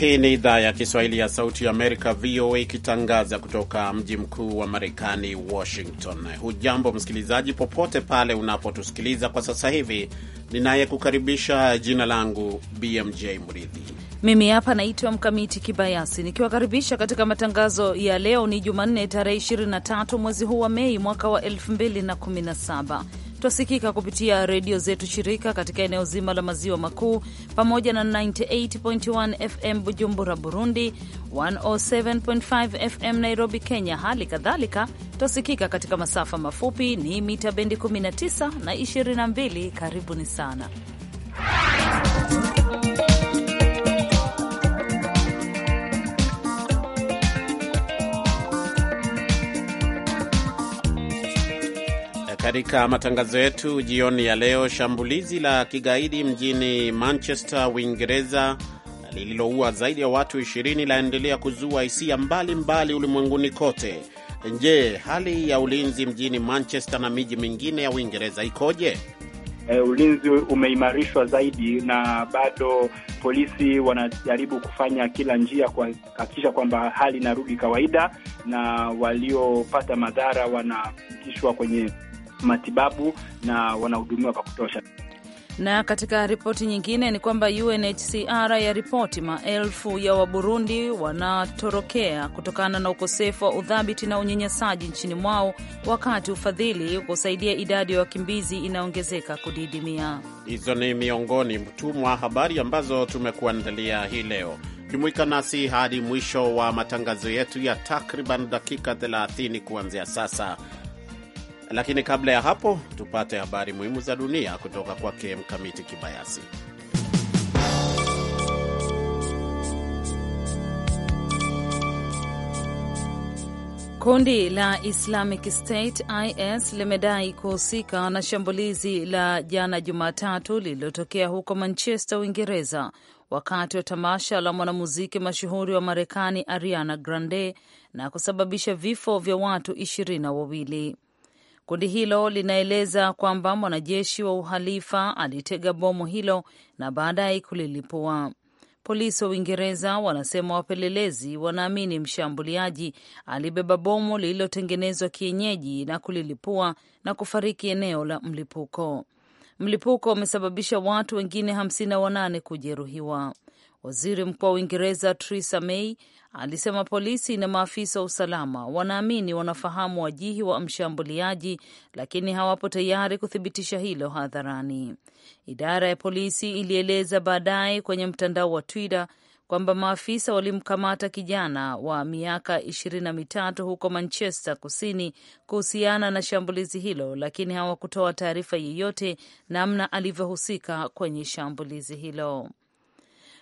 Hii ni idhaa ya Kiswahili ya Sauti ya Amerika, VOA, ikitangaza kutoka mji mkuu wa Marekani, Washington. Hujambo msikilizaji, popote pale unapotusikiliza kwa sasa hivi. Ninayekukaribisha jina langu BMJ Mridhi, mimi hapa naitwa Mkamiti Kibayasi, nikiwakaribisha katika matangazo ya leo. Ni Jumanne, tarehe 23 mwezi huu wa Mei mwaka wa 2017 Twasikika kupitia redio zetu shirika katika eneo zima la maziwa makuu pamoja na 98.1 FM Bujumbura, Burundi, 107.5 FM Nairobi, Kenya. Hali kadhalika twasikika katika masafa mafupi ni mita bendi 19 na 22. Karibuni sana Katika matangazo yetu jioni ya leo, shambulizi la kigaidi mjini Manchester, Uingereza, lililoua zaidi ya watu 20 laendelea kuzua hisia mbalimbali ulimwenguni kote. Je, hali ya ulinzi mjini Manchester na miji mingine ya Uingereza ikoje? E, ulinzi umeimarishwa zaidi na bado polisi wanajaribu kufanya kila njia kuhakikisha kwamba hali inarudi kawaida na waliopata madhara wanafikishwa kwenye matibabu na wanahudumiwa kwa kutosha. Na katika ripoti nyingine ni kwamba UNHCR ya ripoti maelfu ya Waburundi wanatorokea kutokana na ukosefu wa udhabiti na unyanyasaji nchini mwao, wakati ufadhili kusaidia idadi ya wakimbizi inaongezeka kudidimia. Hizo ni miongoni mtumwa habari ambazo tumekuandalia hii leo. Jumuika nasi hadi mwisho wa matangazo yetu ya takriban dakika 30 kuanzia sasa lakini kabla ya hapo, tupate habari muhimu za dunia kutoka kwake Mkamiti Kibayasi. Kundi la Islamic State IS limedai kuhusika na shambulizi la jana Jumatatu lililotokea huko Manchester, Uingereza, wakati wa tamasha la mwanamuziki mashuhuri wa Marekani Ariana Grande na kusababisha vifo vya watu ishirini na wawili. Kundi hilo linaeleza kwamba mwanajeshi wa uhalifa alitega bomu hilo na baadaye kulilipua. Polisi wa Uingereza wanasema wapelelezi wanaamini mshambuliaji alibeba bomu lililotengenezwa kienyeji na kulilipua na kufariki eneo la mlipuko. Mlipuko umesababisha watu wengine hamsini na wanane kujeruhiwa. Waziri Mkuu wa Uingereza Theresa May alisema polisi na maafisa wa usalama wanaamini wanafahamu wajihi wa mshambuliaji, lakini hawapo tayari kuthibitisha hilo hadharani. Idara ya polisi ilieleza baadaye kwenye mtandao wa Twitter kwamba maafisa walimkamata kijana wa miaka ishirini na mitatu huko Manchester Kusini kuhusiana na shambulizi hilo, lakini hawakutoa taarifa yeyote namna alivyohusika kwenye shambulizi hilo.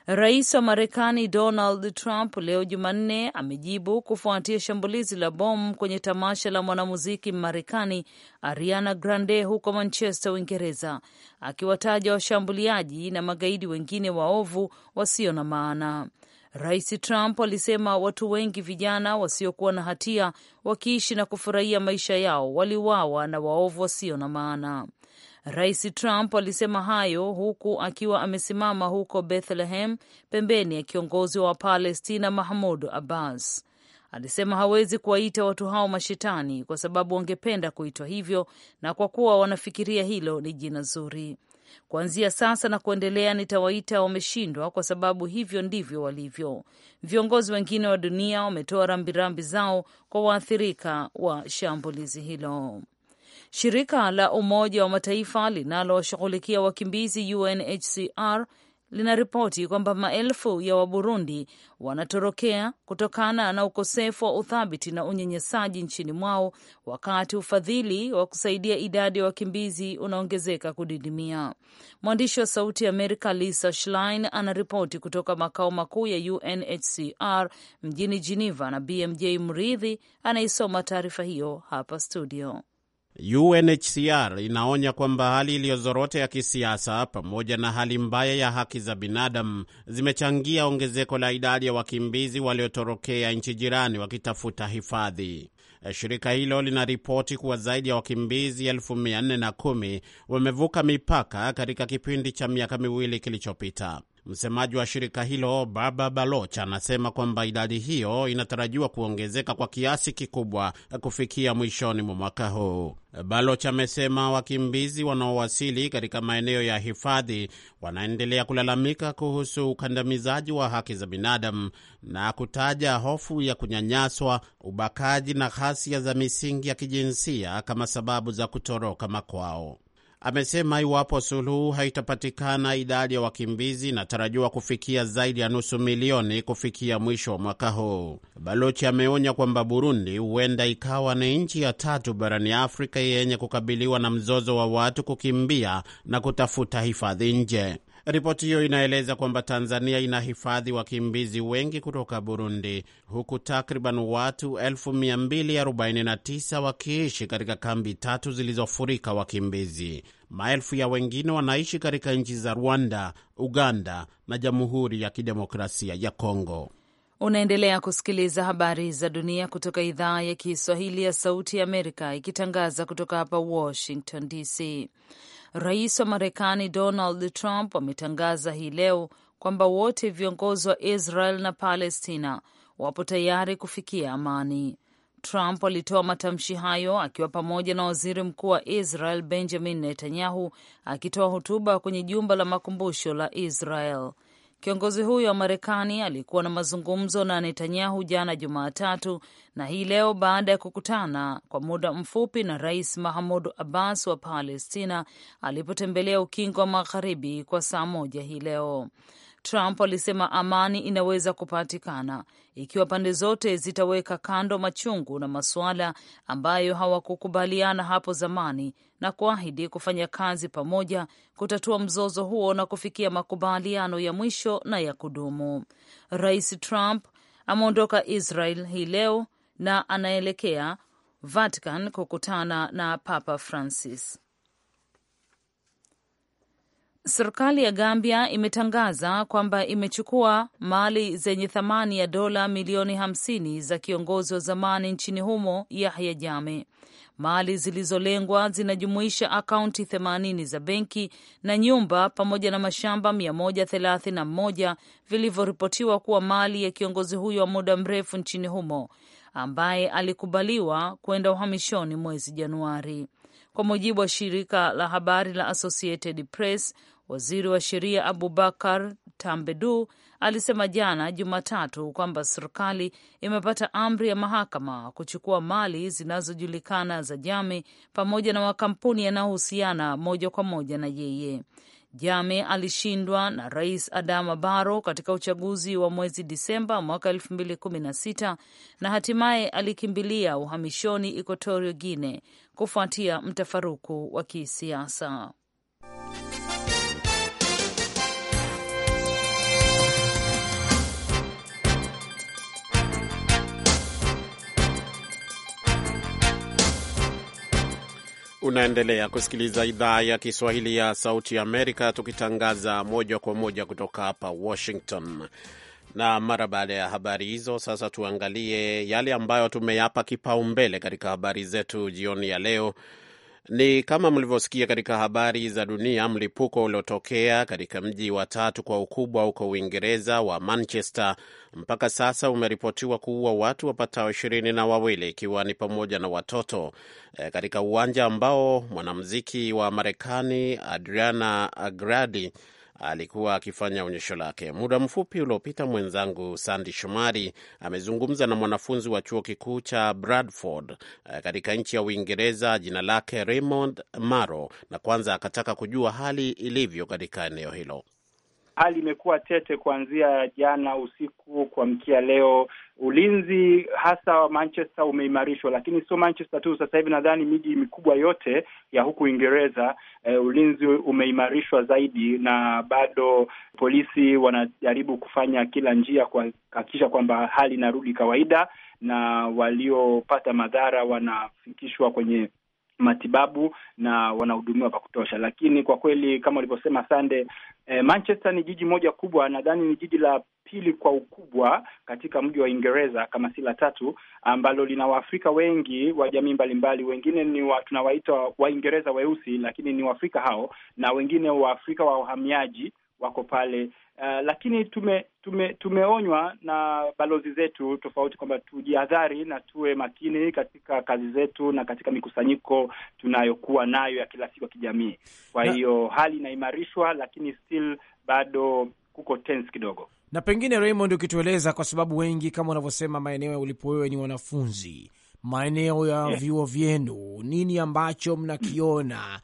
Rais wa Marekani Donald Trump leo Jumanne amejibu kufuatia shambulizi la bomu kwenye tamasha la mwanamuziki Marekani Ariana Grande huko Manchester, Uingereza, akiwataja washambuliaji na magaidi wengine waovu wasio na maana. Rais Trump alisema watu wengi vijana wasiokuwa na hatia wakiishi na kufurahia maisha yao waliuawa na waovu wasio na maana. Rais Trump alisema hayo huku akiwa amesimama huko Bethlehem pembeni ya kiongozi wa Palestina Mahmud Abbas. Alisema hawezi kuwaita watu hao mashetani kwa sababu wangependa kuitwa hivyo na kwa kuwa wanafikiria hilo ni jina zuri. Kuanzia sasa na kuendelea, nitawaita wameshindwa, kwa sababu hivyo ndivyo walivyo. Viongozi wengine wa dunia wametoa rambirambi zao kwa waathirika wa shambulizi hilo. Shirika la Umoja wa Mataifa linalowashughulikia wakimbizi UNHCR linaripoti kwamba maelfu ya Waburundi wanatorokea kutokana na ukosefu wa uthabiti na unyanyasaji nchini mwao, wakati ufadhili wa kusaidia idadi ya wa wakimbizi unaongezeka kudidimia. Mwandishi wa Sauti ya Amerika Lisa Schlein anaripoti kutoka makao makuu ya UNHCR mjini Geneva, na BMJ Mridhi anaisoma taarifa hiyo hapa studio. UNHCR inaonya kwamba hali iliyozorota ya kisiasa pamoja na hali mbaya ya haki za binadamu zimechangia ongezeko la idadi ya wakimbizi waliotorokea nchi jirani wakitafuta hifadhi. Eh, shirika hilo linaripoti kuwa zaidi ya wakimbizi 41 wamevuka mipaka katika kipindi cha miaka miwili kilichopita. Msemaji wa shirika hilo Baba Baloch anasema kwamba idadi hiyo inatarajiwa kuongezeka kwa kiasi kikubwa kufikia mwishoni mwa mwaka huu. Baloch amesema wakimbizi wanaowasili katika maeneo ya hifadhi wanaendelea kulalamika kuhusu ukandamizaji wa haki za binadamu na kutaja hofu ya kunyanyaswa, ubakaji na ghasia za misingi ya kijinsia kama sababu za kutoroka makwao amesema iwapo suluhu haitapatikana, idadi ya wakimbizi inatarajiwa kufikia zaidi ya nusu milioni kufikia mwisho wa mwaka huu. Balochi ameonya kwamba Burundi huenda ikawa ni nchi ya tatu barani Afrika yenye kukabiliwa na mzozo wa watu kukimbia na kutafuta hifadhi nje. Ripoti hiyo inaeleza kwamba Tanzania ina hifadhi wakimbizi wengi kutoka Burundi, huku takriban watu 249 wakiishi katika kambi tatu zilizofurika wakimbizi. Maelfu ya wengine wanaishi katika nchi za Rwanda, Uganda na Jamhuri ya Kidemokrasia ya Kongo. Unaendelea kusikiliza habari za dunia kutoka idhaa ya Kiswahili ya Sauti ya Amerika ikitangaza kutoka hapa Washington DC. Rais wa Marekani Donald Trump ametangaza hii leo kwamba wote viongozi wa Israel na Palestina wapo tayari kufikia amani. Trump alitoa matamshi hayo akiwa pamoja na waziri mkuu wa Israel Benjamin Netanyahu akitoa hotuba kwenye jumba la makumbusho la Israel. Kiongozi huyo wa Marekani alikuwa na mazungumzo na Netanyahu jana Jumatatu na hii leo baada ya kukutana kwa muda mfupi na Rais Mahmud Abbas wa Palestina alipotembelea Ukingo wa Magharibi kwa saa moja hii leo. Trump alisema amani inaweza kupatikana ikiwa pande zote zitaweka kando machungu na masuala ambayo hawakukubaliana hapo zamani na kuahidi kufanya kazi pamoja kutatua mzozo huo na kufikia makubaliano ya mwisho na ya kudumu. Rais Trump ameondoka Israel hii leo na anaelekea Vatican kukutana na Papa Francis. Serikali ya Gambia imetangaza kwamba imechukua mali zenye thamani ya dola milioni hamsini za kiongozi wa zamani nchini humo Yahya Jame. Mali zilizolengwa zinajumuisha akaunti 80 za benki na nyumba pamoja na mashamba 131 vilivyoripotiwa kuwa mali ya kiongozi huyo wa muda mrefu nchini humo ambaye alikubaliwa kwenda uhamishoni mwezi Januari. Kwa mujibu wa shirika la habari la Associated Press, Waziri wa sheria Abubakar Tambedu alisema jana Jumatatu kwamba serikali imepata amri ya mahakama kuchukua mali zinazojulikana za Jame pamoja na makampuni yanayohusiana moja kwa moja na yeye. Jame alishindwa na Rais Adama baro katika uchaguzi wa mwezi Disemba mwaka kumi sita na hatimaye alikimbilia uhamishoni Equatorio Guine kufuatia mtafaruku wa kisiasa. Unaendelea kusikiliza idhaa ya Kiswahili ya Sauti ya Amerika, tukitangaza moja kwa moja kutoka hapa Washington. Na mara baada ya habari hizo, sasa tuangalie yale ambayo tumeyapa kipaumbele katika habari zetu jioni ya leo, ni kama mlivyosikia katika habari za dunia, mlipuko uliotokea katika mji wa tatu kwa ukubwa huko Uingereza wa Manchester mpaka sasa umeripotiwa kuua watu wapatao ishirini na wawili ikiwa ni pamoja na watoto e, katika uwanja ambao mwanamuziki wa Marekani Adriana agradi alikuwa akifanya onyesho lake. Muda mfupi uliopita, mwenzangu Sandi Shomari amezungumza na mwanafunzi wa chuo kikuu cha Bradford eh, katika nchi ya Uingereza, jina lake Raymond Maro, na kwanza akataka kujua hali ilivyo katika eneo hilo hali imekuwa tete kuanzia jana usiku kuamkia leo. Ulinzi hasa wa Manchester umeimarishwa, lakini sio Manchester tu. Sasa hivi nadhani miji mikubwa yote ya huku Uingereza eh, ulinzi umeimarishwa zaidi, na bado polisi wanajaribu kufanya kila njia kuhakikisha kwamba hali inarudi kawaida na waliopata madhara wanafikishwa kwenye matibabu na wanahudumiwa kwa kutosha. Lakini kwa kweli kama ulivyosema Sande, Eh, Manchester ni jiji moja kubwa, nadhani ni jiji la pili kwa ukubwa katika mji wa Uingereza kama si la tatu, ambalo lina Waafrika wengi wa jamii mbalimbali. Wengine ni wa, tunawaita Waingereza weusi, lakini ni Waafrika hao, na wengine Waafrika wa uhamiaji wako pale uh, lakini tume, tume, tumeonywa na balozi zetu tofauti kwamba tujihadhari na tuwe makini katika kazi zetu na katika mikusanyiko tunayokuwa nayo ya kila siku ya kijamii. Kwa hiyo hali inaimarishwa, lakini still bado kuko tense kidogo. Na pengine Raymond, ukitueleza kwa sababu wengi kama unavyosema maeneo ya ulipo wewe ni wanafunzi, maeneo ya yeah, vyuo vyenu, nini ambacho mnakiona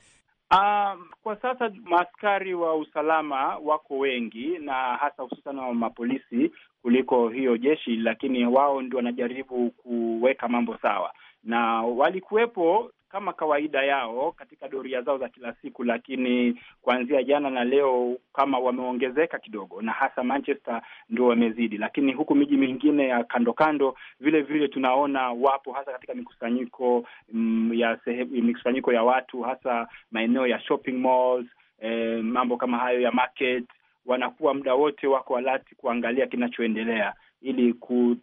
Um, kwa sasa maaskari wa usalama wako wengi na hasa hususan wa mapolisi kuliko hiyo jeshi, lakini wao ndio wanajaribu kuweka mambo sawa, na walikuwepo kama kawaida yao katika doria zao za kila siku, lakini kuanzia jana na leo kama wameongezeka kidogo, na hasa Manchester ndio wamezidi, lakini huku miji mingine ya kando kando vile vile tunaona wapo, hasa katika mikusanyiko mm, ya sehemu, mikusanyiko ya watu hasa maeneo ya shopping malls, eh, mambo kama hayo ya market, wanakuwa muda wote wako alati kuangalia kinachoendelea ili ku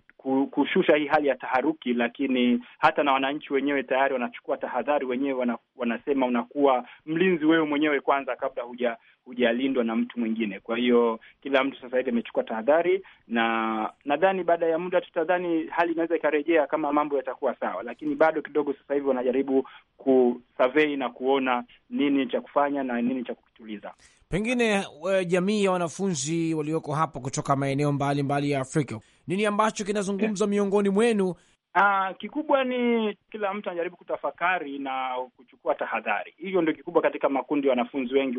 kushusha hii hali ya taharuki, lakini hata na wananchi wenyewe tayari wanachukua tahadhari wenyewe wana, wanasema unakuwa mlinzi wewe mwenyewe kwanza kabla huja hujalindwa na mtu mwingine. Kwa hiyo kila mtu sasa hivi amechukua tahadhari, na nadhani baada ya muda tutadhani hali inaweza ikarejea kama mambo yatakuwa sawa, lakini bado kidogo sasa hivi wanajaribu kusurvey na kuona nini cha kufanya na nini cha kutuliza. Pengine jamii ya wanafunzi walioko hapo kutoka maeneo mbalimbali ya Afrika, nini ambacho kinazungumzwa yeah, miongoni mwenu? Aa, ah, kikubwa ni kila mtu anajaribu kutafakari na kuchukua tahadhari. Hiyo ndio kikubwa katika makundi ya wanafunzi wengi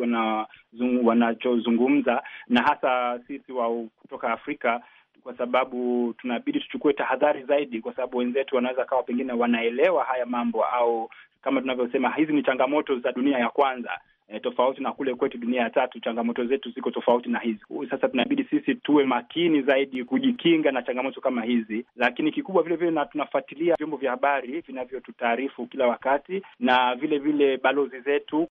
wanachozungumza, wana na hasa sisi wa kutoka Afrika kwa sababu tunabidi tuchukue tahadhari zaidi, kwa sababu wenzetu wanaweza kawa pengine wanaelewa haya mambo, au kama tunavyosema hizi ni changamoto za dunia ya kwanza e, tofauti na kule kwetu dunia ya tatu, changamoto zetu ziko tofauti na hizi. Sasa tunabidi sisi tuwe makini zaidi kujikinga na changamoto kama hizi, lakini kikubwa vile vile na tunafuatilia vyombo vya habari vinavyotutaarifu kila wakati na vile vile balozi zetu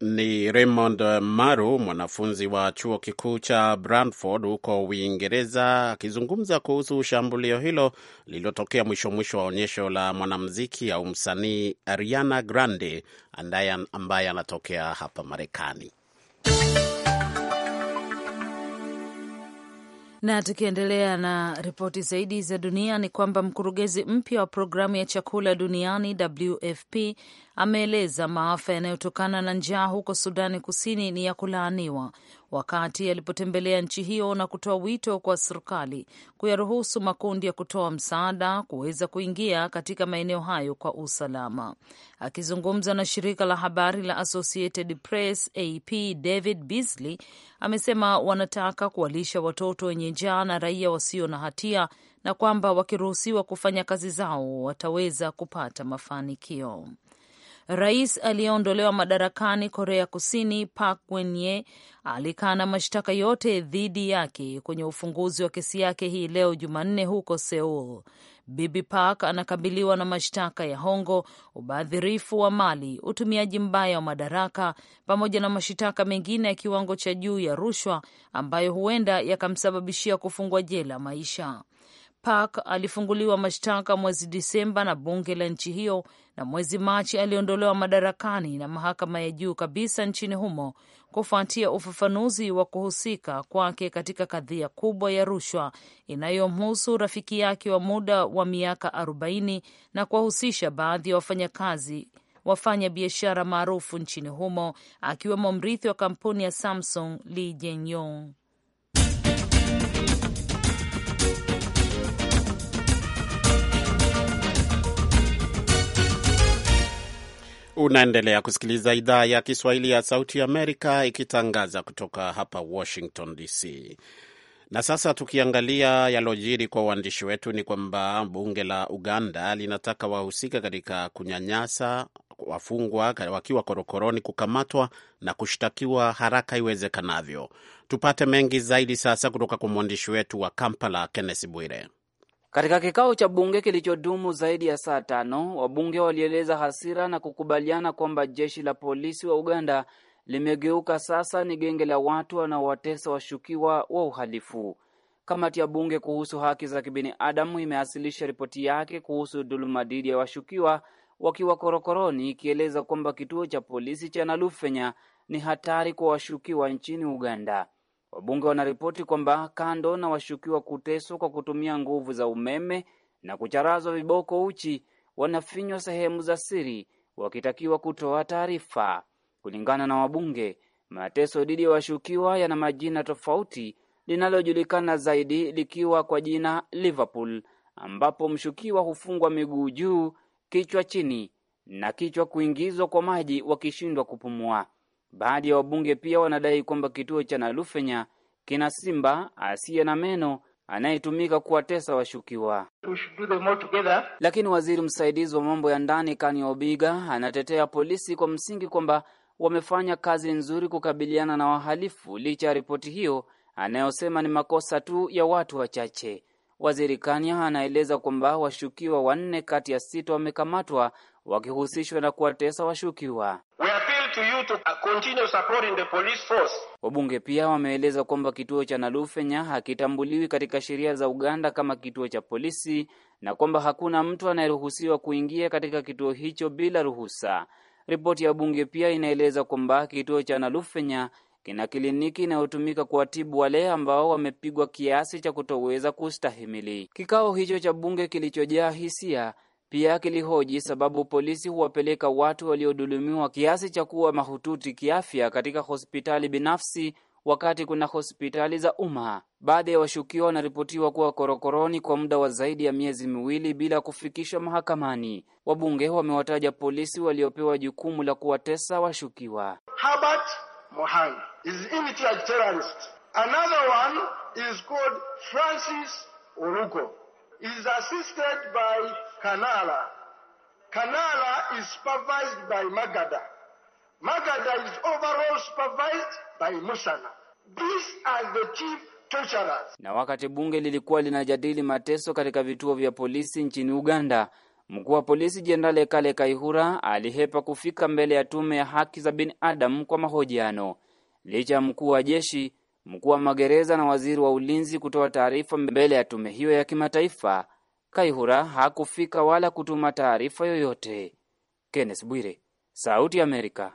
ni Raymond Maru, mwanafunzi wa chuo kikuu cha Brantford huko Uingereza, akizungumza kuhusu shambulio hilo lililotokea mwisho mwisho wa onyesho la mwanamziki au msanii Ariana Grande ambaye anatokea hapa Marekani. Na tukiendelea na ripoti zaidi za dunia ni kwamba mkurugenzi mpya wa programu ya chakula duniani WFP ameeleza maafa yanayotokana na njaa huko Sudani Kusini ni ya kulaaniwa wakati alipotembelea nchi hiyo na kutoa wito kwa serikali kuyaruhusu makundi ya kutoa msaada kuweza kuingia katika maeneo hayo kwa usalama. Akizungumza na shirika la habari la Associated Press AP, David Beasley amesema wanataka kuwalisha watoto wenye njaa na raia wasio na hatia na kwamba wakiruhusiwa kufanya kazi zao wataweza kupata mafanikio. Rais aliyeondolewa madarakani Korea Kusini Park Geun-hye alikana mashtaka yote dhidi yake kwenye ufunguzi wa kesi yake hii leo Jumanne huko Seoul. Bibi Park anakabiliwa na mashtaka ya hongo, ubadhirifu wa mali, utumiaji mbaya wa madaraka, pamoja na mashitaka mengine ya kiwango cha juu ya rushwa ambayo huenda yakamsababishia kufungwa jela maisha. Park alifunguliwa mashtaka mwezi Disemba na bunge la nchi hiyo, na mwezi Machi aliondolewa madarakani na mahakama ya juu kabisa nchini humo kufuatia ufafanuzi wa kuhusika kwake katika kadhia kubwa ya rushwa inayomhusu rafiki yake wa muda wa miaka 40 na kuwahusisha baadhi ya wafanyakazi wafanya biashara maarufu nchini humo akiwemo mrithi wa kampuni ya Samsung Lee Jae-yong. Unaendelea kusikiliza idhaa ya Kiswahili ya Sauti Amerika ikitangaza kutoka hapa Washington DC. Na sasa tukiangalia yalojiri kwa waandishi wetu, ni kwamba bunge la Uganda linataka wahusika katika kunyanyasa wafungwa wakiwa korokoroni kukamatwa na kushtakiwa haraka iwezekanavyo. Tupate mengi zaidi sasa kutoka kwa mwandishi wetu wa Kampala, Kenneth Bwire. Katika kikao cha bunge kilichodumu zaidi ya saa tano, wabunge walieleza hasira na kukubaliana kwamba jeshi la polisi wa Uganda limegeuka sasa ni genge la watu wanaowatesa washukiwa wa uhalifu. Kamati ya bunge kuhusu haki za kibinadamu imewasilisha ripoti yake kuhusu dhuluma dhidi ya washukiwa wakiwa korokoroni, ikieleza kwamba kituo cha polisi cha Nalufenya ni hatari kwa washukiwa nchini Uganda. Wabunge wanaripoti kwamba kando na washukiwa kuteswa kwa kutumia nguvu za umeme na kucharazwa viboko uchi, wanafinywa sehemu za siri wakitakiwa kutoa taarifa. Kulingana na wabunge, mateso dhidi ya washukiwa yana majina tofauti, linalojulikana zaidi likiwa kwa jina Liverpool, ambapo mshukiwa hufungwa miguu juu, kichwa chini na kichwa kuingizwa kwa maji wakishindwa kupumua. Baadhi ya wabunge pia wanadai kwamba kituo cha Nalufenya kina simba asiye na meno anayetumika kuwatesa washukiwa. Lakini waziri msaidizi wa mambo ya ndani Kani Obiga anatetea polisi kwa msingi kwamba wamefanya kazi nzuri kukabiliana na wahalifu, licha ya ripoti hiyo anayosema ni makosa tu ya watu wachache. Waziri kanya anaeleza kwamba washukiwa wanne kati ya sita wamekamatwa wakihusishwa na kuwatesa washukiwa to you to continue supporting the police force. Wabunge pia wameeleza kwamba kituo cha Nalufenya hakitambuliwi katika sheria za Uganda kama kituo cha polisi na kwamba hakuna mtu anayeruhusiwa kuingia katika kituo hicho bila ruhusa. Ripoti ya bunge pia inaeleza kwamba kituo cha Nalufenya kina kliniki inayotumika kuwatibu wale ambao wamepigwa kiasi cha kutoweza kustahimili. Kikao hicho cha bunge kilichojaa hisia pia kilihoji sababu polisi huwapeleka watu waliodhulumiwa kiasi cha kuwa mahututi kiafya katika hospitali binafsi wakati kuna hospitali za umma. Baadhi ya washukiwa wanaripotiwa kuwa korokoroni kwa muda wa zaidi ya miezi miwili bila kufikishwa mahakamani. Wabunge wamewataja polisi waliopewa jukumu la kuwatesa washukiwa. Herbert is imitated terrorist. Another one is called Francis Oruko. Is assisted by Kanala. Kanala is supervised by Magada. Magada is overall supervised by Musana. These are the chief torturers. Na wakati bunge lilikuwa linajadili mateso katika vituo vya polisi nchini Uganda, mkuu wa polisi Jenerali Kale Kaihura alihepa kufika mbele ya tume ya haki za binadamu kwa mahojiano licha ya mkuu wa jeshi, mkuu wa magereza na waziri wa ulinzi kutoa taarifa mbele ya tume hiyo ya kimataifa Kaihura hakufika wala kutuma taarifa yoyote. Kenneth Bwire, Sauti ya Amerika,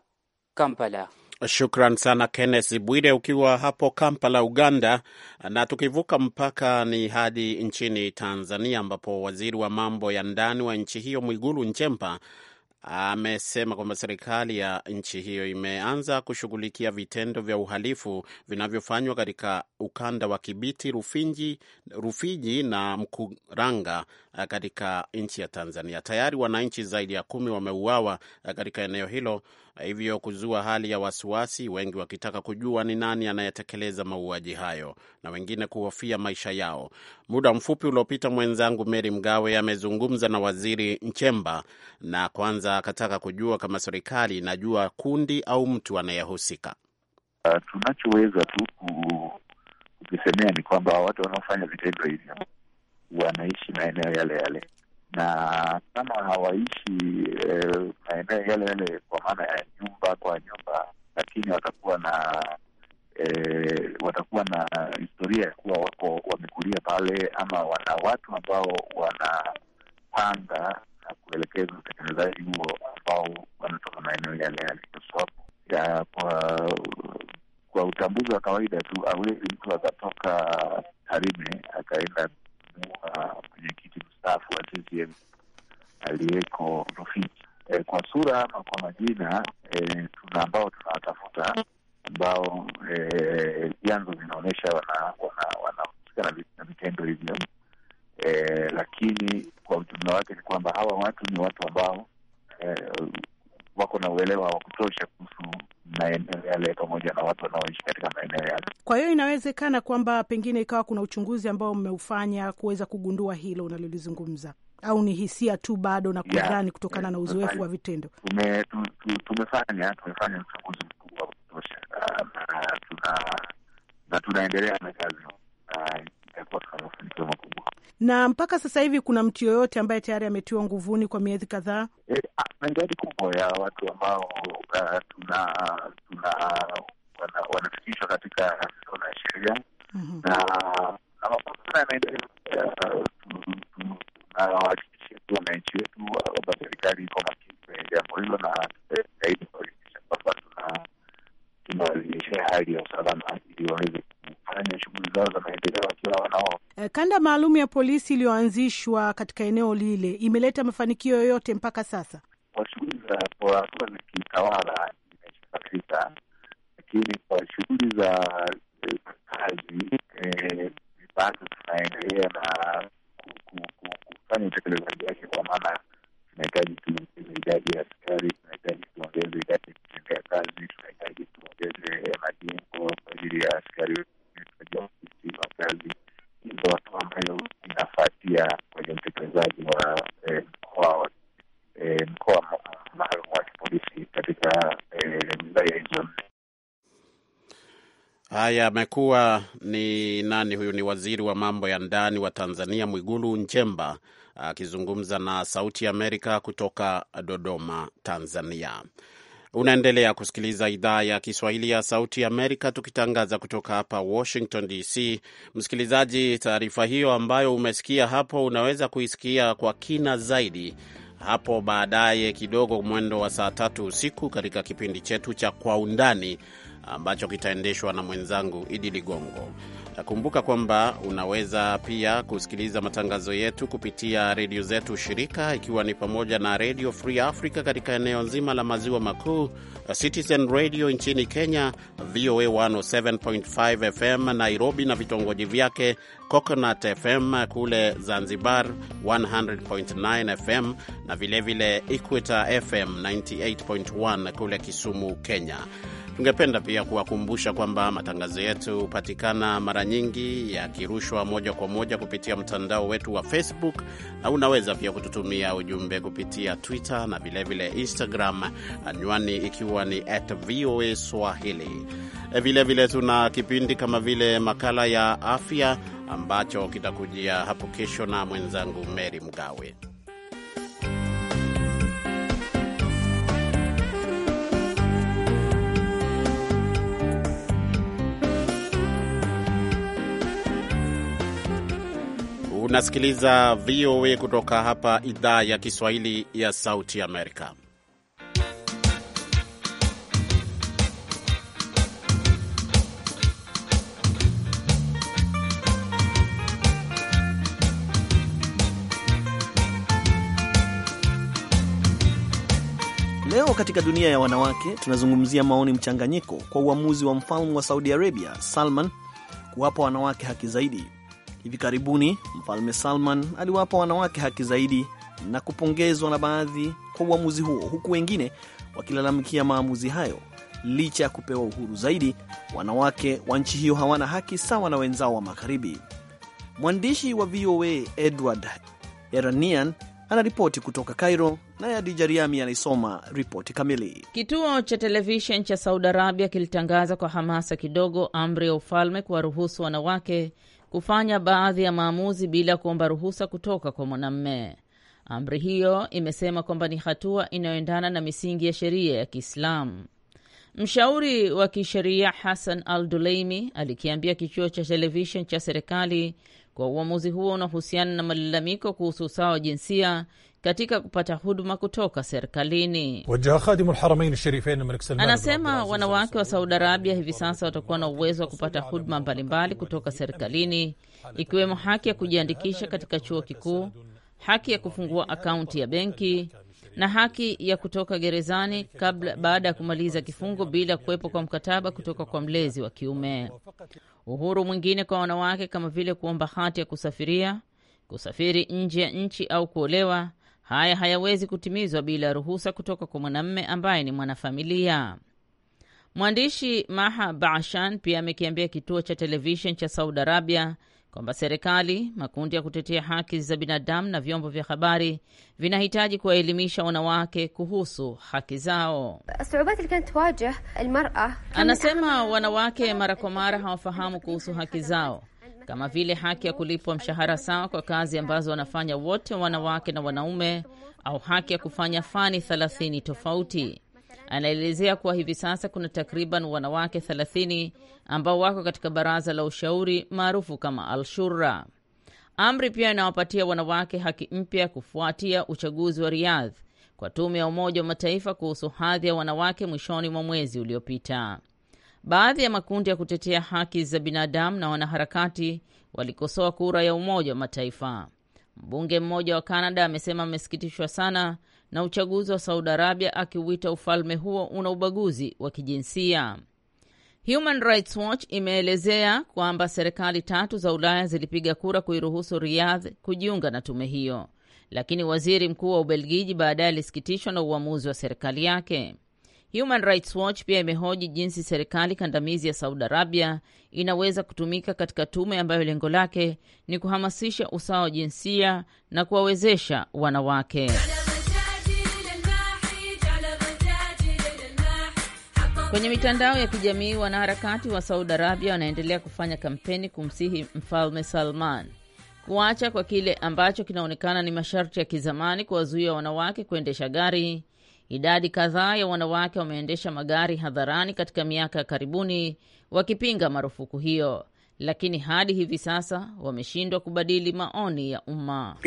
Kampala. Shukran sana Kenneth Bwire ukiwa hapo Kampala, Uganda. Na tukivuka mpaka ni hadi nchini Tanzania, ambapo waziri wa mambo ya ndani wa nchi hiyo Mwigulu Nchemba amesema kwamba serikali ya nchi hiyo imeanza kushughulikia vitendo vya uhalifu vinavyofanywa katika ukanda wa Kibiti, Rufiji, Rufiji na Mkuranga eh, katika nchi ya Tanzania. Tayari wananchi zaidi ya kumi wameuawa eh, katika eneo hilo na hivyo kuzua hali ya wasiwasi, wengi wakitaka kujua ni nani anayetekeleza mauaji hayo na wengine kuhofia maisha yao. Muda mfupi uliopita, mwenzangu Meri Mgawe amezungumza na Waziri Nchemba na kwanza akataka kujua kama serikali inajua kundi au mtu anayehusika. Uh, tunachoweza tu kukisemea ni kwamba watu wanaofanya vitendo hivyo wanaishi maeneo yale yale na kama hawaishi eh, maeneo yale yale, kwa maana ya nyumba kwa nyumba, lakini watakuwa na eh, watakuwa na historia ya kuwa wako wamekulia pale, ama wana watu ambao wanapanga na kuelekeza utekelezaji huo ambao wanatoka maeneo yale yale, kwa sababu ya kwa kwa utambuzi wa kawaida tu awezi mtu akatoka Tarime akaenda ndiye aliyeko Rufiji. E, kwa sura ama kwa majina e, tuna ambao tunawatafuta ambao e, vyanzo e, vinaonyesha wanahusika wana, wana, na vitendo hivyo e, lakini kwa ujumla wake ni kwamba hawa watu ni watu ambao e, wako na uelewa wa kutosha kuhusu maeneo yale pamoja na watu wanaoishi katika maeneo yale. Kwa hiyo inawezekana kwamba pengine ikawa kuna uchunguzi ambao mmeufanya kuweza kugundua hilo unalolizungumza au ni hisia tu bado na kudhani yeah, kutokana yeah, na eh, uzoefu wa vitendo? Tumefanya tumefanya uchunguzi mkubwa wa kutosha na tunaendelea na kazi makubwa. Na mpaka sasa hivi kuna mtu yoyote ambaye tayari ametiwa nguvuni kwa miezi kadhaa? Eh, ah, na idadi kubwa ya watu ambao eh, tuna tuna wanafikishwa katika sheria mhm. na makosa yanaendelea maalum ya polisi iliyoanzishwa katika eneo lile imeleta mafanikio yoyote mpaka sasa? Kwa shughuli za hatua za kiutawala imeshafanyika, lakini kwa shughuli za kazi eh, bado tunaendelea na kufanya utekelezaji wake, kwa maana tunahitaji tuongeze idadi ya askari, tunahitaji tuongeze idadi ya kutendea kazi, tunahitaji tuongeze majengo kwa ajili ya askari amekuwa ni nani huyu? Ni waziri wa mambo ya ndani wa Tanzania Mwigulu Nchemba akizungumza na Sauti Amerika kutoka Dodoma, Tanzania. Unaendelea kusikiliza idhaa ya Kiswahili ya Sauti Amerika tukitangaza kutoka hapa Washington DC. Msikilizaji, taarifa hiyo ambayo umesikia hapo unaweza kuisikia kwa kina zaidi hapo baadaye kidogo, mwendo wa saa tatu usiku katika kipindi chetu cha Kwa Undani ambacho kitaendeshwa na mwenzangu Idi Ligongo. Kumbuka kwamba unaweza pia kusikiliza matangazo yetu kupitia redio zetu shirika, ikiwa ni pamoja na Redio Free Africa katika eneo nzima la maziwa makuu, Citizen Radio nchini Kenya, VOA 107.5 FM Nairobi na vitongoji vyake, Coconut FM kule Zanzibar 100.9 FM na vilevile Equator FM 98.1 kule Kisumu, Kenya. Tungependa pia kuwakumbusha kwamba matangazo yetu hupatikana mara nyingi yakirushwa moja kwa moja kupitia mtandao wetu wa Facebook, na unaweza pia kututumia ujumbe kupitia Twitter na vilevile Instagram, anwani ikiwa ni at VOA Swahili. Vilevile vile tuna kipindi kama vile makala ya afya ambacho kitakujia hapo kesho na mwenzangu Mary Mgawe. Unasikiliza VOA kutoka hapa idhaa ya Kiswahili ya Sauti Amerika. Leo katika dunia ya wanawake tunazungumzia maoni mchanganyiko kwa uamuzi wa mfalme wa Saudi Arabia Salman kuwapa wanawake haki zaidi Hivi karibuni Mfalme Salman aliwapa wanawake haki zaidi na kupongezwa na baadhi kwa uamuzi huo, huku wengine wakilalamikia maamuzi hayo. Licha ya kupewa uhuru zaidi, wanawake wa nchi hiyo hawana haki sawa na wenzao wa Magharibi. Mwandishi wa VOA Edward Eranian anaripoti kutoka Cairo naye Adija Riami anaisoma ripoti kamili. Kituo cha televishen cha Saudi Arabia kilitangaza kwa hamasa kidogo amri ya ufalme kuwaruhusu wanawake kufanya baadhi ya maamuzi bila kuomba ruhusa kutoka kwa mwanamme Amri hiyo imesema kwamba ni hatua inayoendana na misingi ya sheria ya Kiislamu. Mshauri wa kisheria Hassan Al Duleimi alikiambia kichuo cha televishen cha serikali kwa uamuzi huo unahusiana na malalamiko kuhusu usawa wa jinsia katika kupata huduma kutoka serikalini. Anasema wanawake wa Saudi Arabia hivi sasa watakuwa na uwezo wa kupata huduma mbalimbali kutoka serikalini, ikiwemo haki ya kujiandikisha katika chuo kikuu, haki ya kufungua akaunti ya benki na haki ya kutoka gerezani kabla baada ya kumaliza kifungo bila kuwepo kwa mkataba kutoka kwa mlezi wa kiume. Uhuru mwingine kwa wanawake kama vile kuomba hati ya kusafiria, kusafiri nje ya nchi au kuolewa Haya hayawezi kutimizwa bila ruhusa kutoka kwa mwanamme ambaye ni mwanafamilia. Mwandishi Maha Baashan pia amekiambia kituo cha televishen cha Saudi Arabia kwamba serikali, makundi ya kutetea haki za binadamu na vyombo vya habari vinahitaji kuwaelimisha wanawake kuhusu haki zao. Anasema wanawake mara kwa mara hawafahamu kuhusu haki zao kama vile haki ya kulipwa mshahara sawa kwa kazi ambazo wanafanya wote wanawake na wanaume, au haki ya kufanya fani 30 tofauti. Anaelezea kuwa hivi sasa kuna takriban wanawake 30 ambao wako katika baraza la ushauri maarufu kama Alshura. Amri pia inawapatia wanawake haki mpya kufuatia uchaguzi wa Riyadh kwa tume ya Umoja wa Mataifa kuhusu hadhi ya wanawake mwishoni mwa mwezi uliopita. Baadhi ya makundi ya kutetea haki za binadamu na wanaharakati walikosoa kura ya Umoja wa Mataifa. Mbunge mmoja wa Kanada amesema amesikitishwa sana na uchaguzi wa Saudi Arabia, akiuita ufalme huo una ubaguzi wa kijinsia. Human Rights Watch imeelezea kwamba serikali tatu za Ulaya zilipiga kura kuiruhusu Riyadh kujiunga na tume hiyo, lakini waziri mkuu wa Ubelgiji baadaye alisikitishwa na uamuzi wa serikali yake. Human Rights Watch pia imehoji jinsi serikali kandamizi ya Saudi Arabia inaweza kutumika katika tume ambayo lengo lake ni kuhamasisha usawa wa jinsia na kuwawezesha wanawake. Kwenye mitandao ya kijamii, wanaharakati wa Saudi Arabia wanaendelea kufanya kampeni kumsihi Mfalme Salman kuacha kwa kile ambacho kinaonekana ni masharti ya kizamani kuwazuia wanawake kuendesha gari Idadi kadhaa ya wanawake wameendesha magari hadharani katika miaka ya karibuni wakipinga marufuku hiyo, lakini hadi hivi sasa wameshindwa kubadili maoni ya umma.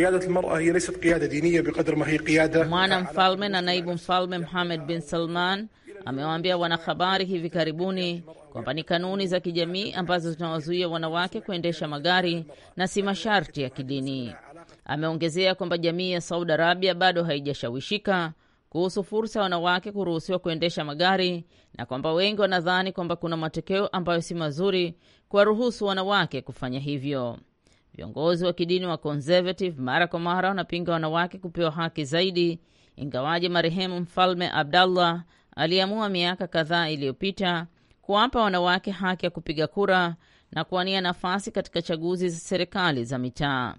Mwana mfalme na naibu mfalme Mohamed bin Salman amewaambia wanahabari hivi karibuni kwamba ni kanuni za kijamii ambazo zinawazuia wanawake kuendesha magari na si masharti ya kidini. Ameongezea kwamba jamii ya Saudi Arabia bado haijashawishika kuhusu fursa ya wanawake kuruhusiwa kuendesha magari na kwamba wengi wanadhani kwamba kuna matokeo ambayo si mazuri kuwaruhusu wanawake kufanya hivyo. Viongozi wa kidini wa conservative mara kwa mara wanapinga wanawake kupewa haki zaidi, ingawaje marehemu Mfalme Abdallah aliamua miaka kadhaa iliyopita kuwapa wanawake haki ya kupiga kura na kuwania nafasi katika chaguzi za serikali za mitaa.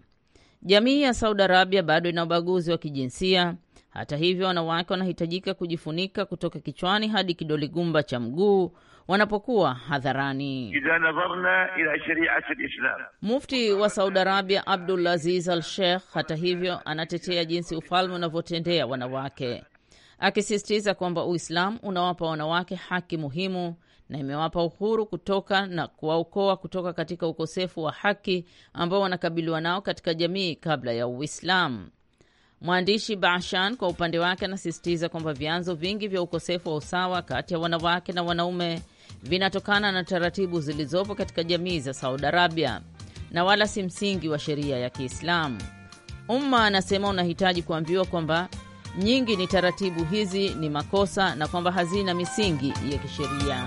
Jamii ya Saudi Arabia bado ina ubaguzi wa kijinsia hata hivyo, wanawake wanahitajika kujifunika kutoka kichwani hadi kidole gumba cha mguu wanapokuwa hadharani. Mufti wa Saudi Arabia Abdul Aziz Al Sheikh, hata hivyo, anatetea jinsi ufalme unavyotendea wanawake, akisisitiza kwamba Uislamu unawapa wanawake haki muhimu na imewapa uhuru kutoka na kuwaokoa kutoka katika ukosefu wa haki ambao wanakabiliwa nao katika jamii kabla ya Uislamu. Mwandishi Bashan kwa upande wake anasisitiza kwamba vyanzo vingi vya ukosefu wa usawa kati ya wanawake na wanaume vinatokana na taratibu zilizopo katika jamii za Saudi Arabia na wala si msingi wa sheria ya Kiislamu. Umma anasema unahitaji kuambiwa kwamba nyingi ni taratibu hizi ni makosa na kwamba hazina misingi ya kisheria.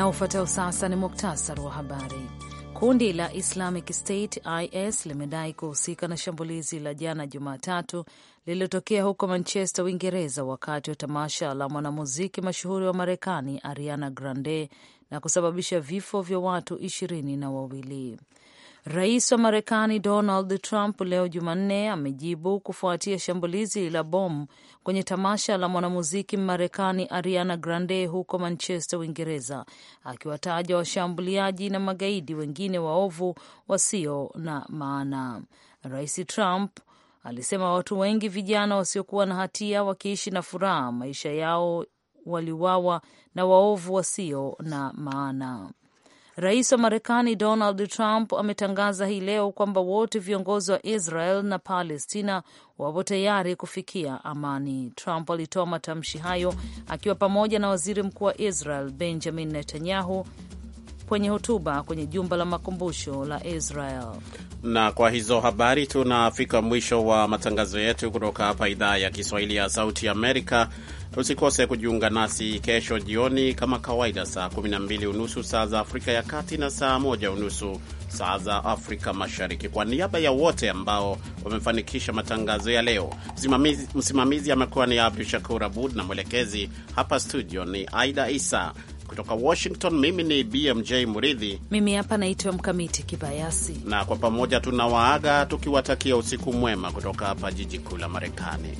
Na ufuatao sasa ni muktasari wa habari. Kundi la Islamic State IS limedai kuhusika na shambulizi la jana Jumatatu lililotokea huko Manchester, Uingereza, wakati wa tamasha la mwanamuziki mashuhuri wa Marekani Ariana Grande na kusababisha vifo vya watu ishirini na wawili. Rais wa Marekani Donald Trump leo Jumanne amejibu kufuatia shambulizi la bomu kwenye tamasha la mwanamuziki marekani Ariana Grande huko Manchester, Uingereza, akiwataja washambuliaji na magaidi wengine waovu wasio na maana. Rais Trump alisema watu wengi vijana wasiokuwa na hatia wakiishi na furaha maisha yao waliwawa na waovu wasio na maana. Rais wa Marekani Donald Trump ametangaza hii leo kwamba wote viongozi wa Israel na Palestina wapo tayari kufikia amani. Trump alitoa matamshi hayo akiwa pamoja na waziri mkuu wa Israel Benjamin Netanyahu kwenye hotuba kwenye jumba la makumbusho la Israel. Na kwa hizo habari tunafika mwisho wa matangazo yetu kutoka hapa idhaa ya Kiswahili ya Sauti Amerika. Usikose kujiunga nasi kesho jioni kama kawaida, saa 12 unusu saa za Afrika ya Kati na saa moja unusu saa za Afrika Mashariki. Kwa niaba ya wote ambao wamefanikisha matangazo ya leo, msimamizi, msimamizi amekuwa ni Abdu Shakur Abud na mwelekezi hapa studio ni Aida Isa. Kutoka Washington, mimi ni BMJ Muridhi, mimi hapa naitwa Mkamiti Kibayasi, na kwa pamoja tunawaaga tukiwatakia usiku mwema kutoka hapa jiji kuu la Marekani.